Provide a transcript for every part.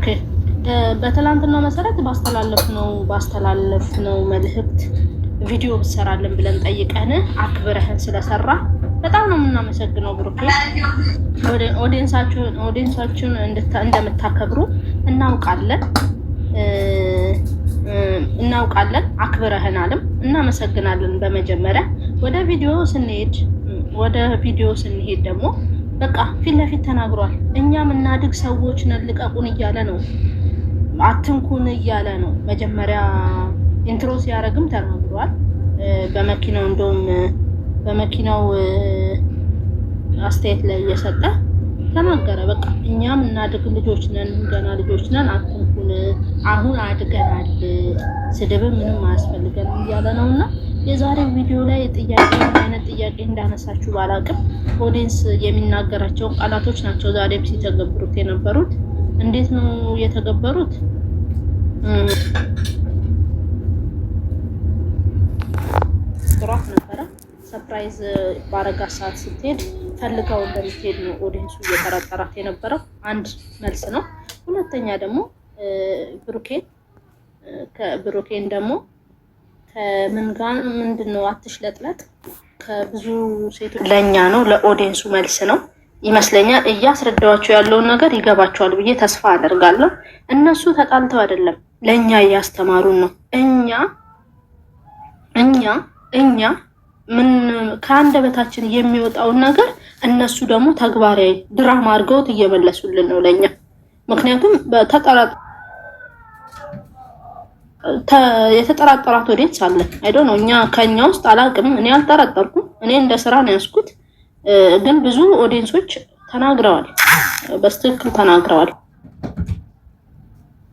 ኦኬ መሰረት ባስተላለፍ ነው ባስተላለፍ ነው መልእክት ቪዲዮ ብሰራለን ብለን ጠይቀን አክብረህን ስለሰራ በጣም ነው የምናመሰግነው። ብሩኬ ኦዲንሳችሁን እንደምታከብሩ እናውቃለን እናውቃለን። አክብረህናልም እናመሰግናለን። በመጀመሪያ ወደ ቪዲዮ ስንሄድ ወደ ቪዲዮ ስንሄድ ደግሞ በቃ ፊት ለፊት ተናግሯል። እኛም እናድግ ሰዎች ነን ልቀቁን እያለ ነው፣ አትንኩን እያለ ነው። መጀመሪያ ኢንትሮ ሲያደርግም ተናግሯል። በመኪናው እንደውም በመኪናው አስተያየት ላይ እየሰጠ ተናገረ። በቃ እኛም እናድግ ልጆች ነን፣ ገና ልጆች ነን፣ አትንኩን፣ አሁን አድገናል፣ ስድብ ምንም አያስፈልገንም እያለ ነው እና የዛሬ ቪዲዮ ላይ ጥያቄ አይነት ጥያቄ እንዳነሳችሁ ባላቅም ኦዲንስ የሚናገራቸውን ቃላቶች ናቸው ዛሬም ሲተገብሩት የነበሩት። እንዴት ነው የተገበሩት? ጥሯት ነበረ። ሰርፕራይዝ ባረጋ ሰዓት ስትሄድ ፈልገው እንደምትሄድ ነው ኦዲንሱ እየጠረጠራት የነበረው። አንድ መልስ ነው። ሁለተኛ ደግሞ ብሩኬን ከብሩኬን ደግሞ ከምን ጋር ምንድን ነው አትሽለጥለጥ ከብዙ ሴቶች ለእኛ ነው ለኦዲየንሱ መልስ ነው ይመስለኛል። እያስረዳዋቸው ያለውን ነገር ይገባቸዋል ብዬ ተስፋ አደርጋለሁ። እነሱ ተጣልተው አይደለም ለእኛ እያስተማሩን ነው። እኛ እኛ እኛ ምን ከአንደበታችን የሚወጣውን ነገር እነሱ ደግሞ ተግባራዊ ድራማ አድርገውት እየመለሱልን ነው ለእኛ ምክንያቱም በተጠራ የተጠራጠራት ወዴት አለ አይዶ ነው። እኛ ከኛ ውስጥ አላቅም እኔ አልጠረጠርኩም። እኔ እንደ ስራ ነው ያስኩት። ግን ብዙ ኦዲየንሶች ተናግረዋል፣ በስትክክል ተናግረዋል።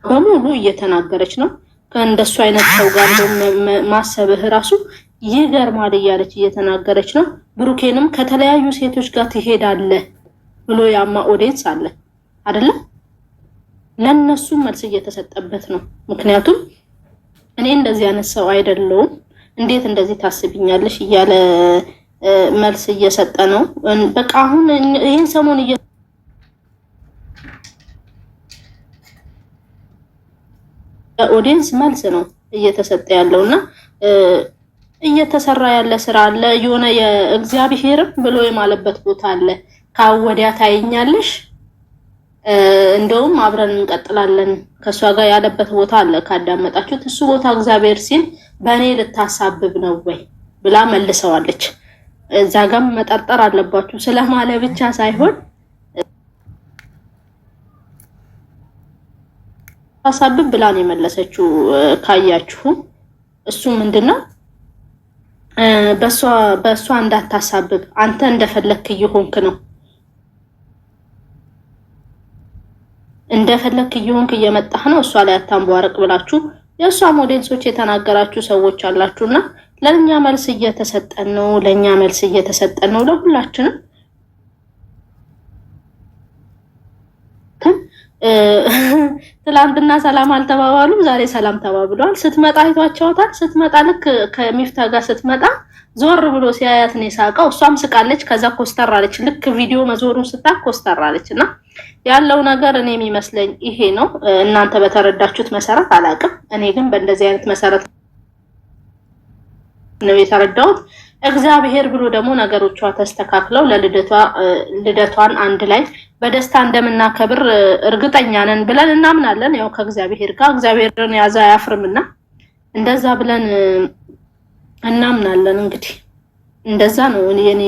በሙሉ እየተናገረች ነው። ከእንደሱ አይነት ሰው ጋር ማሰብህ ራሱ ይገርማል እያለች እየተናገረች ነው። ብሩኬንም ከተለያዩ ሴቶች ጋር ትሄዳለህ ብሎ ያማ ኦዲየንስ አለ አይደለም። ለእነሱ መልስ እየተሰጠበት ነው። ምክንያቱም እኔ እንደዚህ አይነት ሰው አይደለሁም፣ እንዴት እንደዚህ ታስብኛለሽ? እያለ መልስ እየሰጠ ነው። በቃ አሁን ይህን ሰሞን ኦዲየንስ መልስ ነው እየተሰጠ ያለው እና እየተሰራ ያለ ስራ አለ። የሆነ የእግዚአብሔርም ብሎ የማለበት ቦታ አለ። ከወዲያ ታይኛለሽ እንደውም አብረን እንቀጥላለን። ከእሷ ጋር ያለበት ቦታ አለ ካዳመጣችሁት፣ እሱ ቦታ እግዚአብሔር ሲል በእኔ ልታሳብብ ነው ወይ ብላ መልሰዋለች። እዛ ጋም መጠርጠር አለባችሁ ስለማለ ብቻ ሳይሆን ታሳብብ ብላ ነው የመለሰችው። ካያችሁ እሱ ምንድነው በእሷ እንዳታሳብብ አንተ እንደፈለክ እየሆንክ ነው እንደፈለክ እየሆንክ እየመጣህ ነው እሷ ላይ አታንቧርቅ ብላችሁ የእሷ ሞዴልሶች የተናገራችሁ ሰዎች አላችሁና ለእኛ መልስ እየተሰጠን ነው፣ ለእኛ መልስ እየተሰጠን ነው። ለሁላችንም ትላንትና ሰላም አልተባባሉም። ዛሬ ሰላም ተባብሏል ስትመጣ አይቷቸውታል። ስትመጣ ልክ ከሚፍታ ጋር ስትመጣ ዞር ብሎ ሲያያት ነው የሳቀው። እሷም ስቃለች። ከዛ ኮስተር አለች። ልክ ቪዲዮ መዞሩን ስታ ኮስተር አለች። እና ያለው ነገር እኔ የሚመስለኝ ይሄ ነው። እናንተ በተረዳችሁት መሰረት አላቅም። እኔ ግን በእንደዚህ አይነት መሰረት ነው የተረዳሁት። እግዚአብሔር ብሎ ደግሞ ነገሮቿ ተስተካክለው ልደቷን አንድ ላይ በደስታ እንደምናከብር እርግጠኛ ነን ብለን እናምናለን። ያው ከእግዚአብሔር ጋር እግዚአብሔርን ያዘ አያፍርምና እንደዛ ብለን እናምናለን። እንግዲህ እንደዛ ነው። እኔ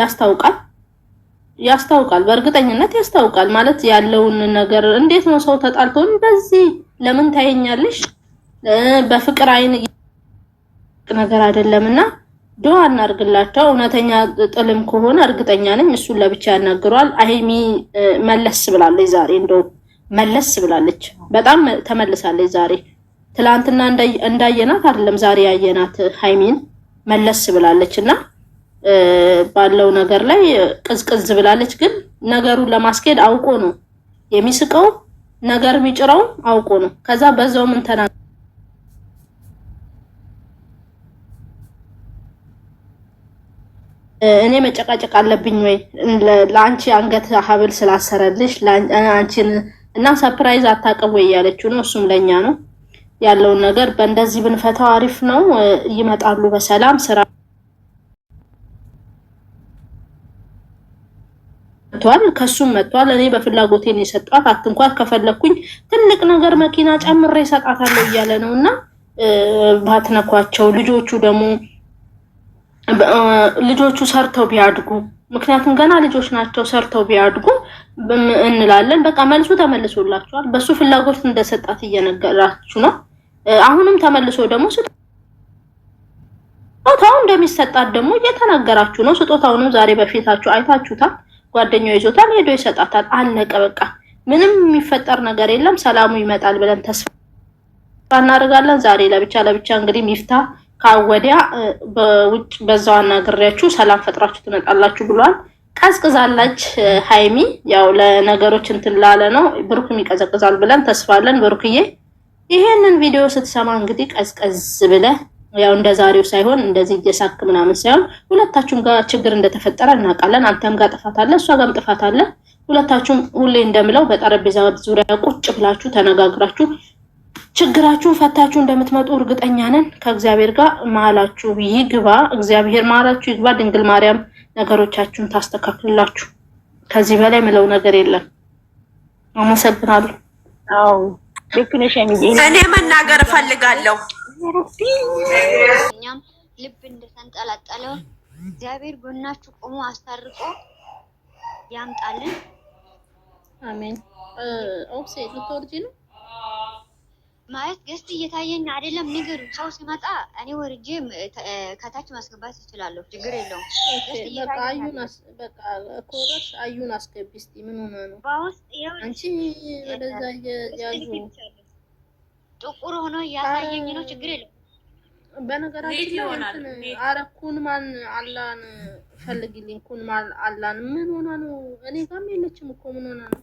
ያስታውቃል ያስታውቃል፣ በእርግጠኝነት ያስታውቃል። ማለት ያለውን ነገር እንዴት ነው ሰው ተጣልቶ በዚህ ለምን ታየኛለሽ በፍቅር አይን ነገር አይደለም እና ዱዓ እናርግላቸው። እውነተኛ ጥልም ከሆነ እርግጠኛ ነኝ እሱን ለብቻ ያናግረዋል። አይሚ መለስ ብላለች ዛሬ፣ እንደው መለስ ብላለች። በጣም ተመልሳለች ዛሬ። ትላንትና እንዳየናት አይደለም ዛሬ ያየናት ሀይሚን መለስ ብላለች እና ባለው ነገር ላይ ቅዝቅዝ ብላለች። ግን ነገሩን ለማስኬድ አውቆ ነው የሚስቀው ነገር የሚጭረው አውቆ ነው። ከዛ በዛው ምን እኔ መጨቃጨቅ አለብኝ ወይ ለአንቺ አንገት ሀብል ስላሰረልሽ አንቺን እና ሰፕራይዝ አታውቅም ወይ እያለችው ነው። እሱም ለእኛ ነው ያለውን ነገር በእንደዚህ ብንፈታው አሪፍ ነው። ይመጣሉ በሰላም ስራ መጥቷል፣ ከሱም መጥቷል። እኔ በፍላጎቴን የሰጧት አትንኳት፣ ከፈለኩኝ ትልቅ ነገር መኪና ጨምሬ ይሰጣታለሁ እያለ ነው እና ባትነኳቸው ልጆቹ ደግሞ ልጆቹ ሰርተው ቢያድጉ ምክንያቱም ገና ልጆች ናቸው። ሰርተው ቢያድጉ እንላለን። በቃ መልሱ ተመልሶላችኋል። በሱ ፍላጎት እንደሰጣት እየነገራችሁ ነው። አሁንም ተመልሶ ደግሞ ስጦታው እንደሚሰጣት ደግሞ እየተናገራችሁ ነው። ስጦታውንም ዛሬ በፊታችሁ አይታችሁታል። ጓደኛው ይዞታል፣ ሄዶ ይሰጣታል። አለቀ በቃ ምንም የሚፈጠር ነገር የለም። ሰላሙ ይመጣል ብለን ተስፋ እናደርጋለን። ዛሬ ለብቻ ለብቻ እንግዲህ ሚፍታ ከወዲያ በውጭ በዛው አናግሬያችሁ ሰላም ፈጥራችሁ ትመጣላችሁ ብሏል። ቀዝቅዛላች ሀይሚ ያው ለነገሮች እንትን ላለ ነው። ብሩክም ይቀዘቅዛል ብለን ተስፋለን። ብሩክዬ ይሄንን ቪዲዮ ስትሰማ እንግዲህ ቀዝቀዝ ብለ ያው እንደ ዛሬው ሳይሆን እንደዚህ እየሳክ ምናምን ሳይሆን ሁለታችሁም ጋር ችግር እንደተፈጠረ እናውቃለን። አንተም ጋር ጥፋት አለ፣ እሷ ጋርም ጥፋት አለ። ሁለታችሁም ሁሌ እንደምለው በጠረጴዛ ዙሪያ ቁጭ ብላችሁ ተነጋግራችሁ ችግራችሁን ፈታችሁ እንደምትመጡ እርግጠኛ ነን። ከእግዚአብሔር ጋር መሀላችሁ ይግባ፣ እግዚአብሔር መሀላችሁ ይግባ። ድንግል ማርያም ነገሮቻችሁን ታስተካክልላችሁ። ከዚህ በላይ ምለው ነገር የለም። አመሰግናለሁ። እኔ መናገር እፈልጋለሁ። እኛም ልብ እንደተንጠላጠለው እግዚአብሔር ጎናችሁ ቆሞ አስታርቆ ያምጣልን። አሜን። ኦክሴ ልትወርጂ ነው? ማለት ገስት እየታየኝ አይደለም። ንገሩ ሰው ሲመጣ እኔ ወርጄ ከታች ማስገባት ይችላለሁ። ችግር የለውም። ኮረስ አዩን አስገቢ እስኪ። ምን ሆነ ነው አንቺ ወደዛ እያዙ ጥቁር ሆኖ እያሳየኝ ነው። ችግር የለውም። በነገራችን ላይ አረ ኩንማን አላን ፈልግልኝ። ኩን ማን አላን ምን ሆና ነው? እኔ ጋም የለችም እኮ ምን ሆና ነው?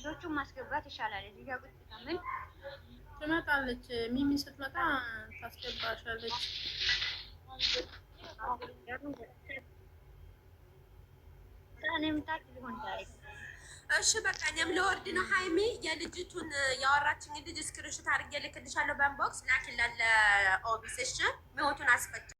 ልጆቹን ማስገባት ይሻላል። እዚህ ጋር ቁጭ ታምን ትመጣለች። ሚሚ ስትመጣ ታስገባሻለች። እሺ በቃ እኔም ለወርድ ነው። ሀይሚ የልጅቱን ያወራችኝ ልጅ ስክሪንሾት አድርጌ ልክልሻለሁ። በኢንቦክስ ላኪ ላለ ኦቢስ ሚወቱን አስፈጭ